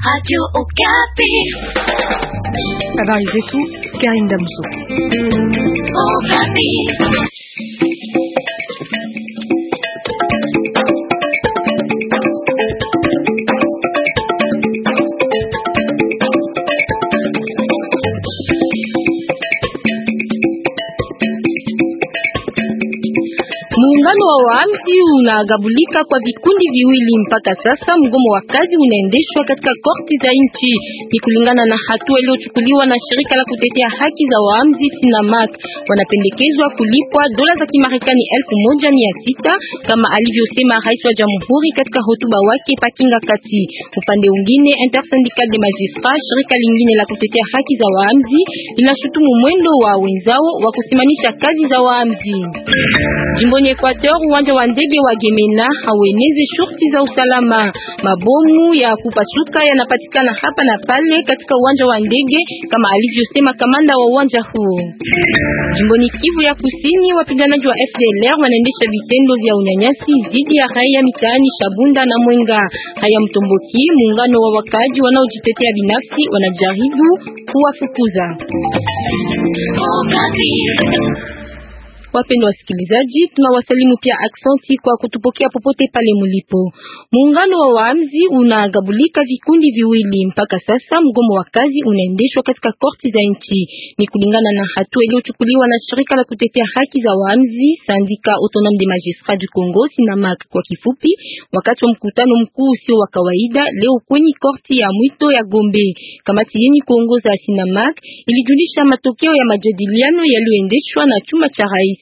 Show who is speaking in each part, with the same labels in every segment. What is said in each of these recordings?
Speaker 1: Radio Okapi.
Speaker 2: Habari zetu Karim Damso.
Speaker 1: Okapi. Mkutano wa waamzi unagabulika kwa vikundi viwili. Mpaka sasa mgomo wa kazi unaendeshwa katika korti za nchi, ni kulingana na hatua iliyochukuliwa na shirika la kutetea haki za waamzi Sinamak. Wanapendekezwa kulipwa dola za Kimarekani sita kama alivyosema rais wa jamhuri katika hotuba wake pakinga kati. Upande mwingine, Intersyndical de Magistrats, shirika lingine la kutetea haki za waamzi, linashutumu mwendo wa wenzao wa kusimamisha kazi za waamzi jimboni Equateur. Koordinateur uwanja wa ndege wa Gemena hawenezi shurti za usalama. Mabomu ya kupasuka yanapatikana hapa na pale katika uwanja wa ndege kama alivyosema kamanda wa uwanja huo Jimboni Kivu ya Kusini, wapiganaji wa FDLR wanaendesha vitendo vya unyanyasi dhidi ya raia mitaani Shabunda na Mwenga. Haya Mtomboki, muungano wa wakaaji wanaojitetea binafsi wanajaribu kuwafukuza. Wapendwa wasikilizaji, tunawasalimu pia aksanti kwa kutupokea popote pale mulipo. Muungano wa waamzi unagabulika vikundi viwili mpaka sasa. Mgomo wa kazi unaendeshwa katika korti za nchi, ni kulingana na hatua iliyochukuliwa na shirika la kutetea haki za waamzi Sandika Autonome des Magistrats du Congo SINAMAK kwa kifupi, wakati wa mkutano mkuu usio wa kawaida leo kwenye korti ya mwito ya Gombe. Kamati yenye kuongoza SINAMAK ilijulisha matokeo ya majadiliano yaliyoendeshwa na chuma cha rais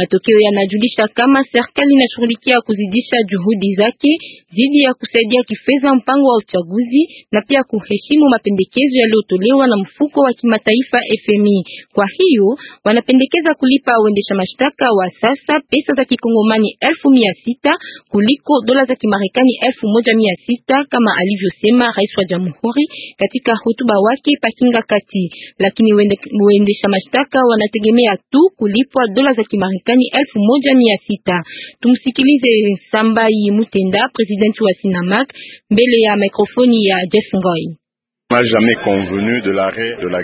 Speaker 1: Matokeo yanajulisha kama serikali inashughulikia kuzidisha juhudi zake dhidi ya kusaidia kifedha mpango wa uchaguzi na pia kuheshimu mapendekezo yaliyotolewa na mfuko wa kimataifa FMI. Kwa hiyo wanapendekeza kulipa waendesha mashtaka wa sasa pesa za kikongomani elfu mia sita kuliko dola za Kimarekani elfu moja mia sita kama alivyosema rais wa jamhuri katika hotuba wake pakinga kati, lakini waendesha mashtaka wanategemea tu kulipwa dola za kimarekani Marekani elfu moja mia sita. Tumsikilize Sambai Mutenda, presidenti wa Sinamak, mbele ya mikrofoni ya Jeff
Speaker 3: Ngoi.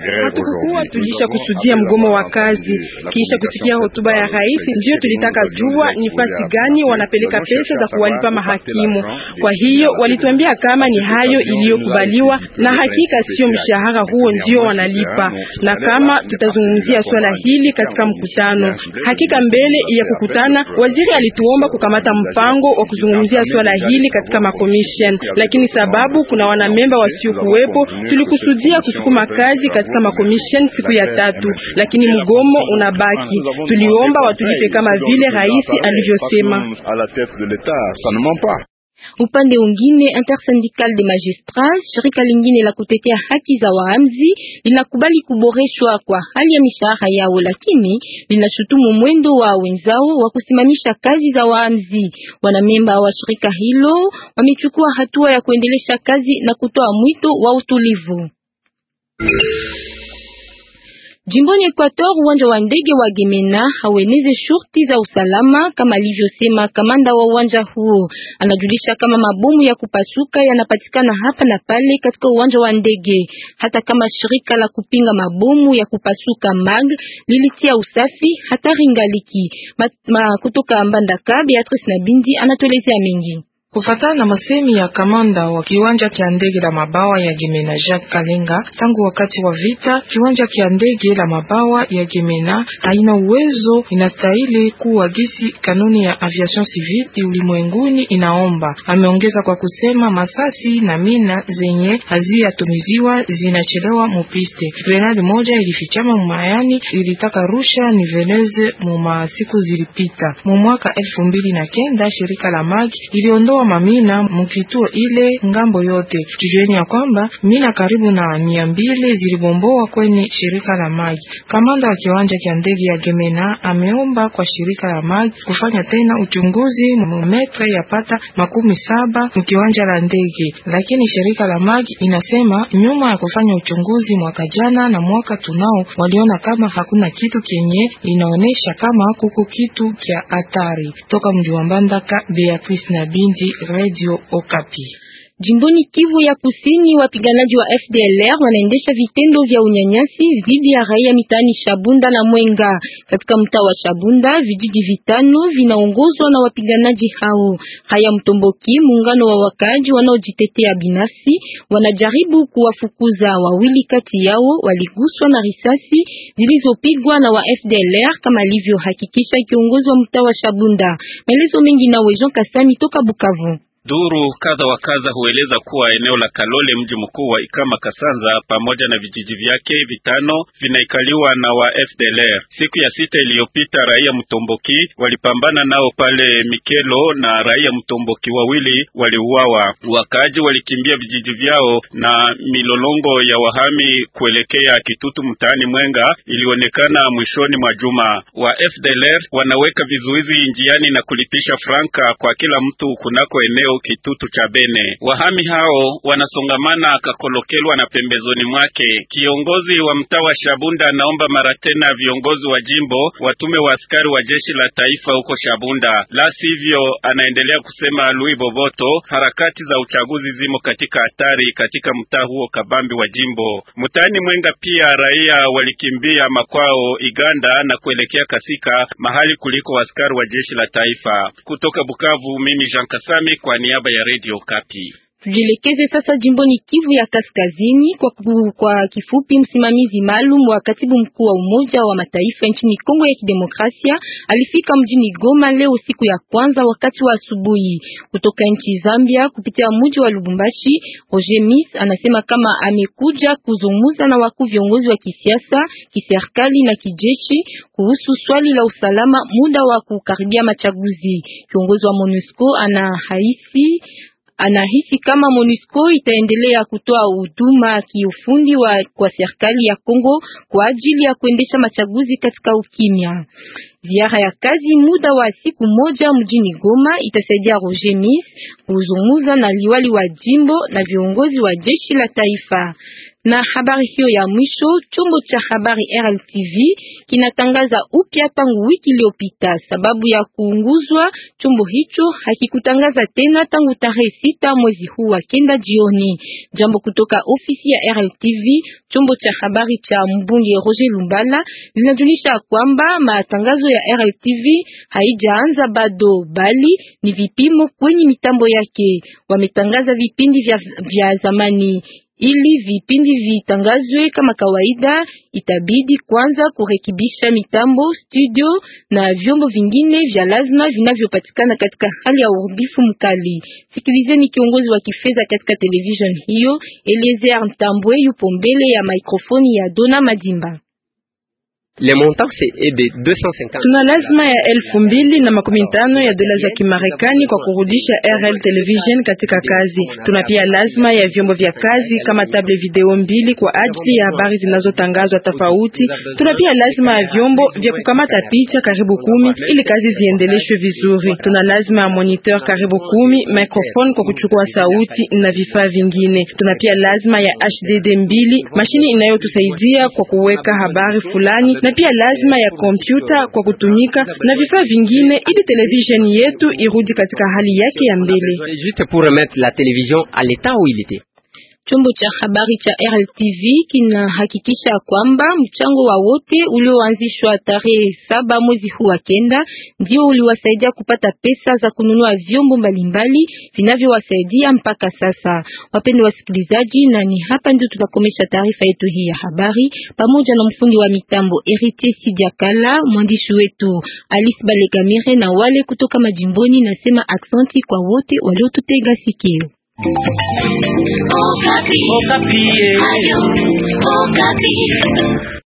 Speaker 4: Hatukukuwa
Speaker 3: tulisha kusudia mgomo wa kazi. Kisha kusikia hotuba ya rais, ndio tulitaka jua ni fasi gani wanapeleka pesa za kuwalipa mahakimu. Kwa hiyo walituambia kama ni hayo iliyokubaliwa, na hakika sio mshahara huo ndio wanalipa, na kama tutazungumzia swala hili katika mkutano. Hakika mbele ya kukutana, waziri alituomba kukamata mpango wa kuzungumzia swala hili katika makomission, lakini sababu kuna wanamemba wasiokuwepo Tulikusudia kusukuma kazi katika makomisheni siku ya tatu, lakini mgomo unabaki. Tuliomba watulipe kama vile rais alivyosema.
Speaker 1: Upande ungine Intersyndical de Magistrats, shirika lingine la kutetea haki za waamzi, linakubali kuboreshwa kwa hali ya mishahara yao, lakini linashutumu mwendo wa wenzao wa kusimamisha kazi za waamzi. Wanamemba wa shirika hilo wamechukua hatua ya kuendelesha kazi na kutoa mwito wa utulivu. Jimboni Equator, uwanja wa ndege wa Gemena haueneze shurti za usalama kama alivyosema kamanda wa uwanja huo. Anajulisha kama mabomu ya kupasuka yanapatikana hapa na pale katika uwanja wa ndege, hata kama shirika la kupinga mabomu ya kupasuka MAG lilitia usafi hata ringaliki ma, ma, kutoka Mbandaka. Beatrice Nabindi anatuelezea mengi
Speaker 2: Kufatana na masemi ya kamanda wa kiwanja kya ndege la mabawa ya Gemena Jacques Kalenga, tangu wakati wa vita, kiwanja kya ndege la mabawa ya Gemena haina uwezo inastahili kuwa gisi kanuni ya aviation civile ulimwenguni inaomba. Ameongeza kwa kusema masasi na mina zenye haziyatumiziwa zinachelewa mupiste. Grenade moja ilifichama mumayani, ilitaka rusha ni veneze mumasiku zilipita. Mu mwaka elfu mbili na kenda shirika la magi iliondoa kuwa mamina Mina ile ngambo yote. Tujueni ya kwamba Mina karibu na mia mbili zilibomboa kwenye shirika la maji. Kamanda wa kiwanja cha ndege ya Gemena ameomba kwa shirika la maji kufanya tena uchunguzi mumetre ya pata makumi saba mkiwanja la ndege, lakini shirika la maji inasema nyuma ya kufanya uchunguzi mwaka jana na mwaka tunao waliona kama hakuna kitu kenye inaonesha kama kuko kitu kya hatari. Toka mji wa Mbandaka, Beatrice na Bindi Radio Okapi.
Speaker 1: Jimboni Kivu ya Kusini, wapiganaji wa FDLR wanaendesha vitendo vya unyanyasi dhidi ya raia mitaani Shabunda na Mwenga. Katika mtaa wa Shabunda, vijiji vitano vinaongozwa na wapiganaji hao. Haya Mtomboki, muungano wa wakaji wanaojitetea binafsi, wanajaribu kuwafukuza. Wawili kati yao waliguswa na risasi zilizopigwa na wa FDLR, kama alivyohakikisha kiongozi wa mtaa wa Shabunda. Maelezo mengi nawe Jean Kasami toka Bukavu.
Speaker 4: Duru kadha wa kadha hueleza kuwa eneo la Kalole, mji mkuu wa Ikama Kasanza, pamoja na vijiji vyake vitano vinaikaliwa na wa FDLR. Siku ya sita iliyopita, raia mtomboki walipambana nao pale Mikelo na raia mtomboki wawili waliuawa. Wakaaji walikimbia vijiji vyao na milolongo ya wahami kuelekea Kitutu mtaani Mwenga ilionekana mwishoni mwa juma. Wa FDLR wanaweka vizuizi njiani na kulipisha franka kwa kila mtu kunako eneo Kitutu cha Bene. Wahami hao wanasongamana Kakolokelwa na pembezoni mwake. Kiongozi wa mtaa wa Shabunda anaomba mara tena viongozi wa jimbo watume wa askari wa jeshi la taifa huko Shabunda, la sivyo, anaendelea kusema Louis Boboto, harakati za uchaguzi zimo katika hatari katika mtaa huo kabambi wa jimbo. Mtaani Mwenga pia raia walikimbia makwao Iganda na kuelekea Kasika mahali kuliko askari wa jeshi la taifa. Kutoka Bukavu, mimi Jean Kasami kwa niaba ya Radio Kapi.
Speaker 1: Tujielekeze sasa jimboni Kivu ya Kaskazini kwa, kwa kifupi, msimamizi maalum wa katibu mkuu wa Umoja wa Mataifa nchini Kongo ya Kidemokrasia alifika mjini Goma leo siku ya kwanza wakati wa asubuhi kutoka nchi Zambia kupitia mji wa Lubumbashi. Roger Miss anasema kama amekuja kuzungumza na wakuu viongozi wa kisiasa, kiserikali na kijeshi kuhusu swali la usalama muda wa kukaribia machaguzi. Kiongozi wa MONUSCO ana haisi Anahisi kama MONUSCO itaendelea kutoa huduma kiufundi kwa serikali ya Kongo kwa ajili ya kuendesha machaguzi katika ukimya. Ziara ya kazi muda wa siku moja mjini Goma itasaidia Roger Miss kuzungumza na liwali wa jimbo na viongozi wa jeshi la taifa. Na habari hiyo ya mwisho, chombo cha habari RLTV kinatangaza upya tangu wiki iliyopita. Sababu ya kuunguzwa chombo hicho hakikutangaza tena tangu tarehe sita mwezi huu wa kenda jioni. Jambo kutoka ofisi ya RLTV, chombo cha habari cha mbunge Roger Lumbala linajulisha kwamba matangazo ya rltv haijaanza bado, bali ni vipimo kwenye mitambo yake. Wametangaza vipindi vya, vya zamani ili vipindi vitangazwe kama kawaida, itabidi kwanza kurekebisha mitambo, studio na vyombo vingine vya lazima vinavyopatikana katika hali ya uharibifu mkali. Sikilizeni kiongozi wa kifedha katika television hiyo, Eliezer Mtambwe yupo mbele ya mikrofoni ya Dona Madimba.
Speaker 3: Tuna lazima ya elfu mbili na makumi tano ya dola za Kimarekani kwa kurudisha RL Television katika kazi. Tuna pia lazima ya vyombo vya kazi kama table video mbili kwa ajili ya habari zinazotangazwa tofauti. Tuna pia lazima ya vyombo vya kukamata picha karibu kumi ili kazi ziendeleshwe vizuri. Tuna lazima ya monitor karibu kumi, microphone kwa kuchukua sauti na vifaa vingine. Tuna pia lazima ya HDD mbili, mashini inayotusaidia kwa kuweka habari fulani na na pia lazima ya kompyuta kwa kutumika na vifaa vingine, ili televisheni yetu irudi katika hali yake ya mbele. Chombo
Speaker 1: cha habari cha RTV kinahakikisha kwamba mchango wa wote ulioanzishwa tarehe saba mwezi huu wa kenda ndio uliwasaidia kupata pesa za kununua vyombo mbalimbali vinavyowasaidia mpaka sasa. Wapendwa wasikilizaji, na ni hapa ndio tunakomesha taarifa yetu hii ya habari pamoja na mfundi wa mitambo Erite Sidiakala, mwandishi wetu Alice Balegamire na wale kutoka majimboni, nasema aksanti kwa wote waliotutega sikio.
Speaker 3: Oh Okapi. Okapi. oh Okapi.